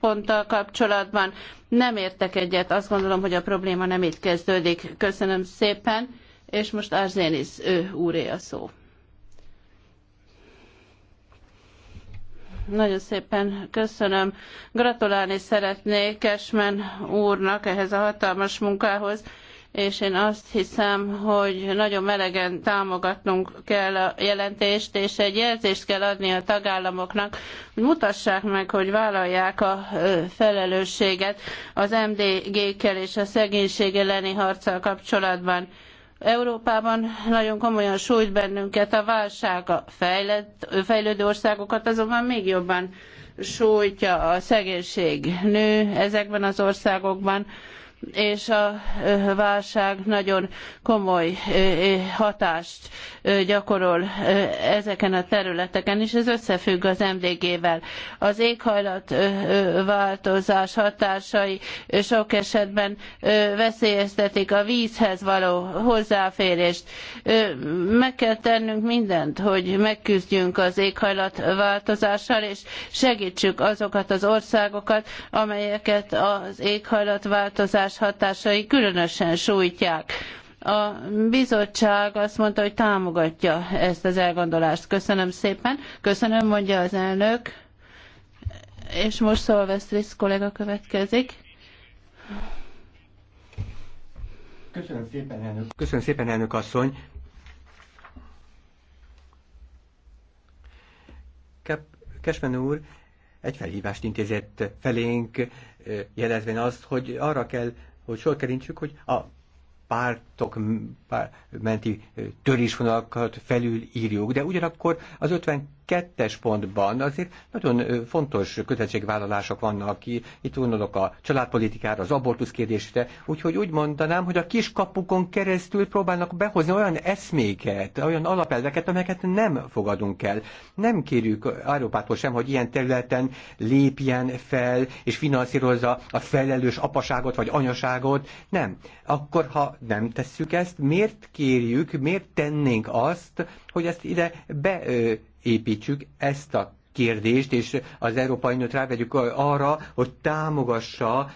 ponttal kapcsolatban. Nem értek egyet, azt gondolom, hogy a probléma nem itt kezdődik. Köszönöm szépen, és most Arzénis úré a szó. Nagyon szépen köszönöm. Gratulálni szeretnék Kesmen úrnak ehhez a hatalmas munkához, és én azt hiszem, hogy nagyon melegen támogatnunk kell a jelentést, és egy jelzést kell adni a tagállamoknak, hogy mutassák meg, hogy vállalják a felelősséget az MDG-kkel és a szegénység elleni harccal kapcsolatban Európában nagyon komolyan sújt bennünket a válság, a fejlett, fejlődő országokat azonban még jobban sújtja a szegénység nő ezekben az országokban és a válság nagyon komoly hatást gyakorol ezeken a területeken, és ez összefügg az MDG-vel. Az éghajlatváltozás hatásai sok esetben veszélyeztetik a vízhez való hozzáférést. Meg kell tennünk mindent, hogy megküzdjünk az éghajlatváltozással, és segítsük azokat az országokat, amelyeket az éghajlatváltozás változás hatásai különösen sújtják. A bizottság azt mondta, hogy támogatja ezt az elgondolást. Köszönöm szépen. Köszönöm, mondja az elnök. És most Szolvesztrisz kollega következik. Köszönöm szépen, elnök. Köszönöm szépen, elnök asszony. Kep, úr egy felhívást intézett felénk jelezvén azt, hogy arra kell, hogy sor kerintsük, hogy a pártok pár, menti törésvonalakat felül írjuk, de ugyanakkor az 50 kettes pontban azért nagyon fontos kötelezettségvállalások vannak ki, itt gondolok a családpolitikára, az abortusz kérdésre, úgyhogy úgy mondanám, hogy a kiskapukon keresztül próbálnak behozni olyan eszméket, olyan alapelveket, amelyeket nem fogadunk el. Nem kérjük Európától sem, hogy ilyen területen lépjen fel és finanszírozza a felelős apaságot vagy anyaságot. Nem. Akkor, ha nem tesszük ezt, miért kérjük, miért tennénk azt, hogy ezt ide be építsük ezt a kérdést, és az Európai Uniót rávegyük arra, hogy támogassa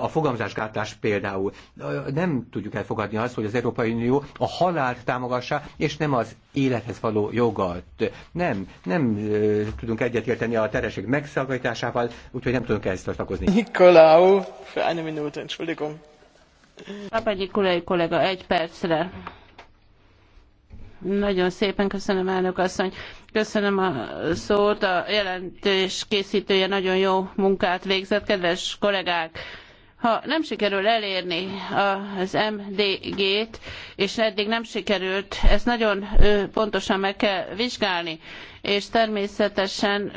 a fogamzásgátlás például. Nem tudjuk elfogadni azt, hogy az Európai Unió a halált támogassa, és nem az élethez való jogat. Nem, nem tudunk egyetérteni a tereség megszakításával, úgyhogy nem tudunk ezt tartakozni. Nikolau, fel egy minút, Entschuldigung. kollega, egy percre. Nagyon szépen köszönöm, elnök asszony. Köszönöm a szót. A jelentés készítője nagyon jó munkát végzett, kedves kollégák. Ha nem sikerül elérni az MDG-t, és eddig nem sikerült, ezt nagyon pontosan meg kell vizsgálni, és természetesen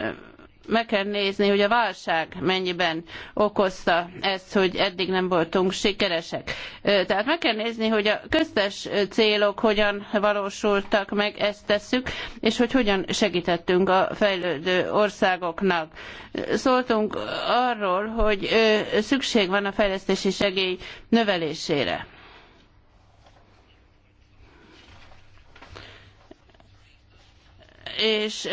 meg kell nézni, hogy a válság mennyiben okozta ezt, hogy eddig nem voltunk sikeresek. Tehát meg kell nézni, hogy a köztes célok hogyan valósultak meg, ezt tesszük, és hogy hogyan segítettünk a fejlődő országoknak. Szóltunk arról, hogy szükség van a fejlesztési segély növelésére és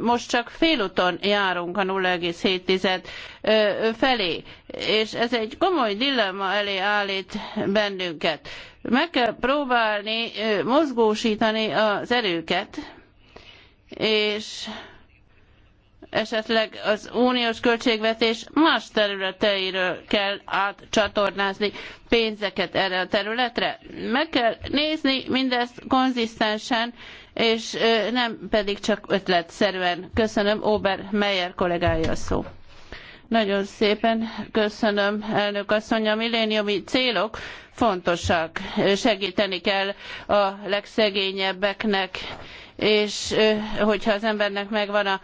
most csak félúton járunk a 0,7 felé, és ez egy komoly dilemma elé állít bennünket. Meg kell próbálni mozgósítani az erőket, és esetleg az uniós költségvetés más területeiről kell átcsatornázni pénzeket erre a területre. Meg kell nézni mindezt konzisztensen, és nem pedig csak ötletszerűen. Köszönöm, Ober Meyer kollégája a szó. Nagyon szépen köszönöm, elnök asszony. A milléniumi célok fontosak. Segíteni kell a legszegényebbeknek és hogyha az embernek megvan a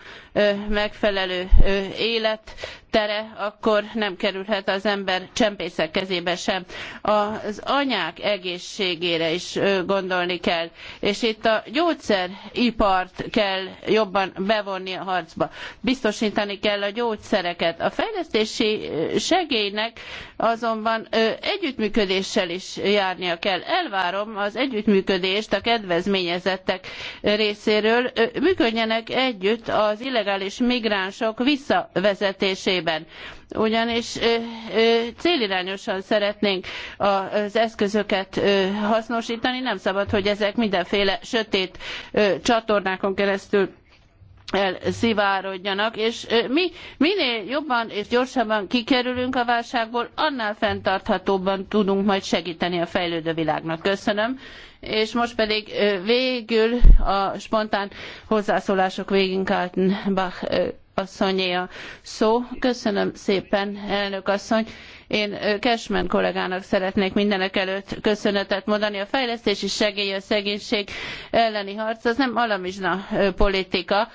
megfelelő élettere, akkor nem kerülhet az ember csempészek kezébe sem. Az anyák egészségére is gondolni kell, és itt a gyógyszeripart kell jobban bevonni a harcba. Biztosítani kell a gyógyszereket. A fejlesztési segélynek azonban együttműködéssel is járnia kell. Elvárom az együttműködést a kedvezményezettek részéről működjenek együtt az illegális migránsok visszavezetésében ugyanis célirányosan szeretnénk az eszközöket hasznosítani, nem szabad, hogy ezek mindenféle sötét csatornákon keresztül elszivárodjanak, és mi minél jobban és gyorsabban kikerülünk a válságból, annál fenntarthatóbban tudunk majd segíteni a fejlődő világnak. Köszönöm. És most pedig végül a spontán hozzászólások végén Kalten Bach asszonyé a szó. Köszönöm szépen, elnök asszony. Én Cashman kollégának szeretnék mindenekelőtt köszönetet mondani. A fejlesztési segély, a szegénység elleni harc az nem alamizsna politika,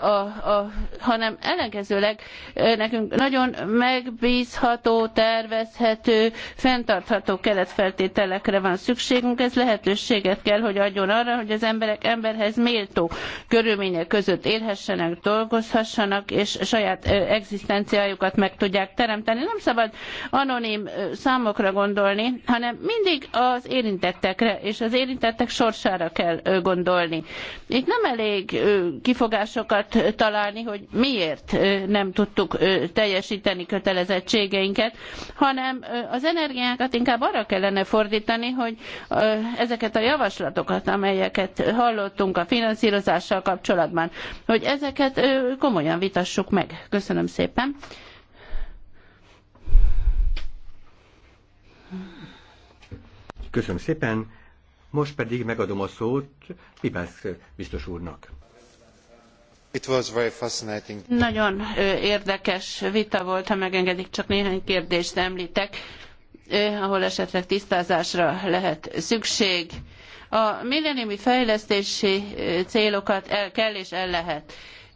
a, a, hanem ellenkezőleg nekünk nagyon megbízható, tervezhető, fenntartható keretfeltételekre van szükségünk. Ez lehetőséget kell, hogy adjon arra, hogy az emberek emberhez méltó körülmények között élhessenek, dolgozhassanak, és saját egzisztenciájukat meg tudják teremteni. Nem szabad anonim számokra gondolni, hanem mindig az érintettekre és az érintettek sorsára kell gondolni. Itt nem elég kifogásokat találni, hogy miért nem tudtuk teljesíteni kötelezettségeinket, hanem az energiákat inkább arra kellene fordítani, hogy ezeket a javaslatokat, amelyeket hallottunk a finanszírozással kapcsolatban, hogy ezeket komolyan vitassuk meg. Köszönöm szépen. Köszönöm szépen, most pedig megadom a szót Pibász biztos úrnak. Nagyon érdekes vita volt, ha megengedik, csak néhány kérdést említek, ahol esetleg tisztázásra lehet szükség. A milleniumi fejlesztési célokat el kell és el lehet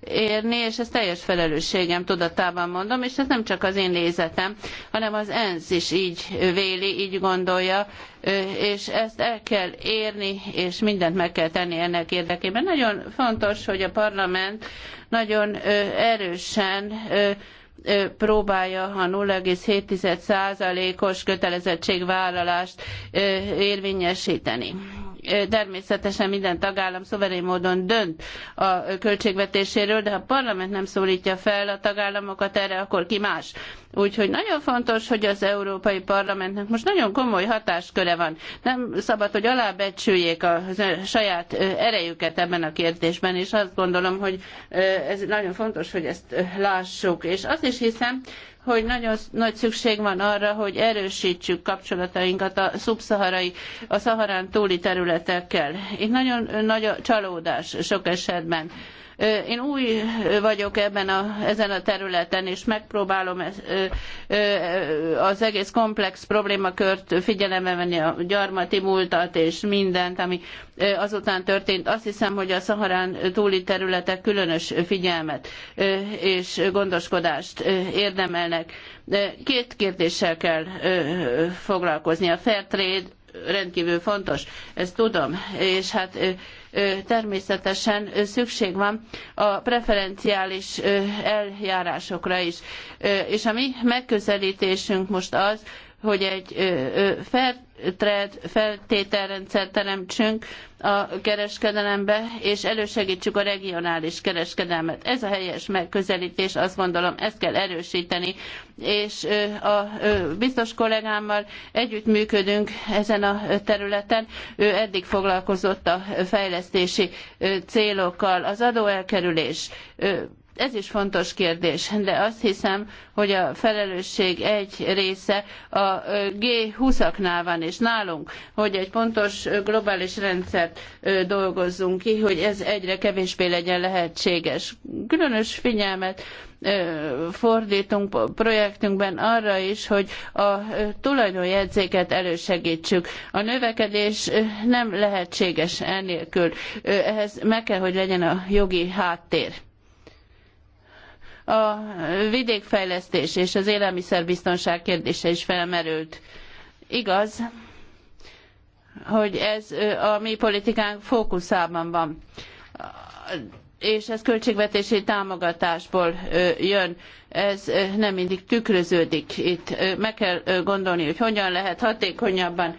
érni, és ezt teljes felelősségem tudatában mondom, és ez nem csak az én nézetem, hanem az ENSZ is így véli, így gondolja, és ezt el kell érni, és mindent meg kell tenni ennek érdekében. Nagyon fontos, hogy a parlament nagyon erősen próbálja a 0,7%-os kötelezettségvállalást érvényesíteni Természetesen minden tagállam szuverén módon dönt a költségvetéséről, de ha a parlament nem szólítja fel a tagállamokat erre, akkor ki más. Úgyhogy nagyon fontos, hogy az Európai Parlamentnek most nagyon komoly hatásköre van. Nem szabad, hogy alábecsüljék a saját erejüket ebben a kérdésben, és azt gondolom, hogy ez nagyon fontos, hogy ezt lássuk. És azt is hiszem, hogy nagyon nagy szükség van arra, hogy erősítsük kapcsolatainkat a szubszaharai, a szaharán túli területekkel. Itt nagyon nagy a csalódás sok esetben. Én új vagyok ebben a, ezen a területen, és megpróbálom az egész komplex problémakört figyelembe venni a gyarmati múltat és mindent, ami azután történt. Azt hiszem, hogy a Szaharán túli területek különös figyelmet és gondoskodást érdemelnek. Két kérdéssel kell foglalkozni. A fair trade rendkívül fontos, ezt tudom, és hát természetesen szükség van a preferenciális eljárásokra is. És a mi megközelítésünk most az, hogy egy fair feltételrendszer teremtsünk a kereskedelembe, és elősegítsük a regionális kereskedelmet. Ez a helyes megközelítés, azt gondolom, ezt kell erősíteni, és a biztos kollégámmal együttműködünk ezen a területen. Ő eddig foglalkozott a fejlesztési célokkal. Az adóelkerülés ez is fontos kérdés, de azt hiszem, hogy a felelősség egy része a G20-aknál van, és nálunk, hogy egy pontos globális rendszert dolgozzunk ki, hogy ez egyre kevésbé legyen lehetséges. Különös figyelmet fordítunk projektünkben arra is, hogy a tulajdonjegyzéket elősegítsük. A növekedés nem lehetséges enélkül. Ehhez meg kell, hogy legyen a jogi háttér. A vidékfejlesztés és az élelmiszerbiztonság kérdése is felmerült. Igaz, hogy ez a mi politikánk fókuszában van és ez költségvetési támogatásból jön, ez nem mindig tükröződik itt. Meg kell gondolni, hogy hogyan lehet hatékonyabban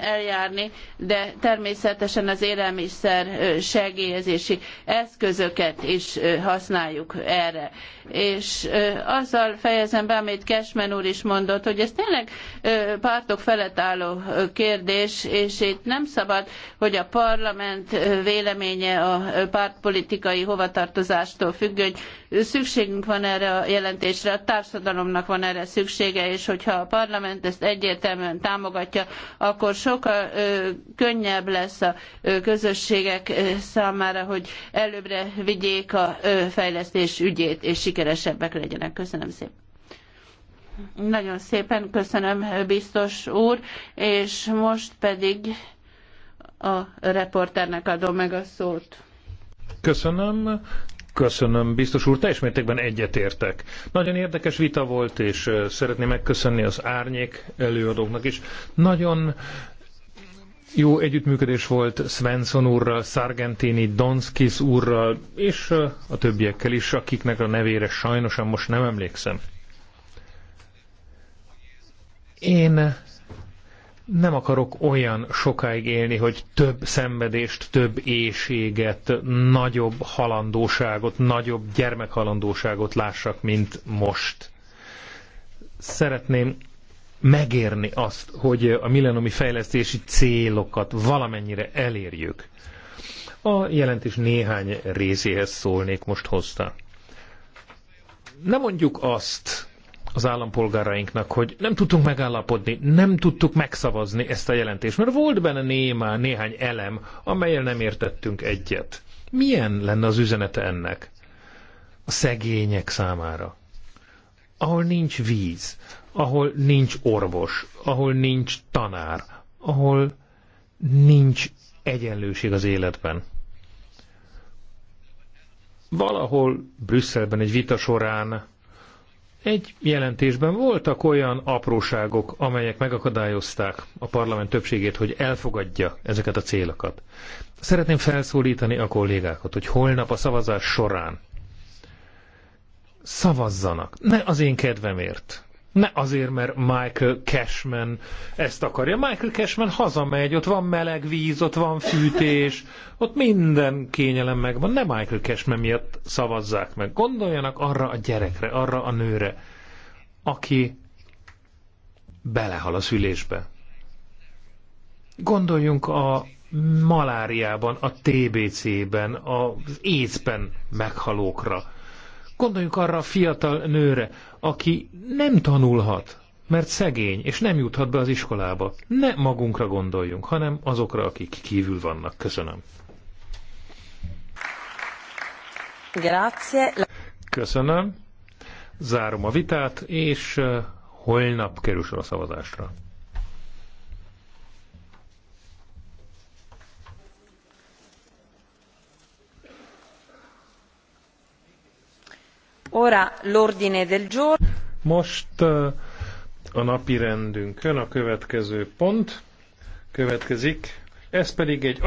eljárni, de természetesen az élelmiszer segélyezési eszközöket is használjuk erre. És azzal fejezem be, amit Kesmen úr is mondott, hogy ez tényleg pártok felett álló kérdés, és itt nem szabad, hogy a parlament véleménye a pártpolitikai hovatartozástól függöny. Szükségünk van erre a jelentésre, a társadalomnak van erre szüksége, és hogyha a parlament ezt egyértelműen támogatja, támogatja, akkor sokkal könnyebb lesz a közösségek számára, hogy előbbre vigyék a fejlesztés ügyét, és sikeresebbek legyenek. Köszönöm szépen. Nagyon szépen köszönöm, biztos úr, és most pedig a reporternek adom meg a szót. Köszönöm. Köszönöm, biztos úr, teljes mértékben egyetértek. Nagyon érdekes vita volt, és szeretném megköszönni az árnyék előadóknak is. Nagyon jó együttműködés volt Svensson úrral, Sargentini, Donskis úrral, és a többiekkel is, akiknek a nevére sajnosan most nem emlékszem. Én nem akarok olyan sokáig élni, hogy több szenvedést, több éjséget, nagyobb halandóságot, nagyobb gyermekhalandóságot lássak, mint most. Szeretném megérni azt, hogy a millenomi fejlesztési célokat valamennyire elérjük. A jelentés néhány részéhez szólnék most hozzá. Nem mondjuk azt, az állampolgárainknak, hogy nem tudtunk megállapodni, nem tudtuk megszavazni ezt a jelentést, mert volt benne néma, néhány elem, amelyel nem értettünk egyet. Milyen lenne az üzenete ennek? A szegények számára. Ahol nincs víz, ahol nincs orvos, ahol nincs tanár, ahol nincs egyenlőség az életben valahol Brüsszelben egy vita során egy jelentésben voltak olyan apróságok, amelyek megakadályozták a parlament többségét, hogy elfogadja ezeket a célokat. Szeretném felszólítani a kollégákat, hogy holnap a szavazás során szavazzanak, ne az én kedvemért, ne azért, mert Michael Cashman ezt akarja. Michael Cashman hazamegy, ott van meleg víz, ott van fűtés, ott minden kényelem megvan. Ne Michael Cashman miatt szavazzák meg. Gondoljanak arra a gyerekre, arra a nőre, aki belehal a szülésbe. Gondoljunk a maláriában, a TBC-ben, az észben meghalókra. Gondoljunk arra a fiatal nőre, aki nem tanulhat, mert szegény, és nem juthat be az iskolába. Ne magunkra gondoljunk, hanem azokra, akik kívül vannak. Köszönöm. Grazie. Köszönöm. Zárom a vitát, és eh, holnap kerül sor a szavazásra. Most uh, a napi rendünkön a következő pont következik, ez pedig egy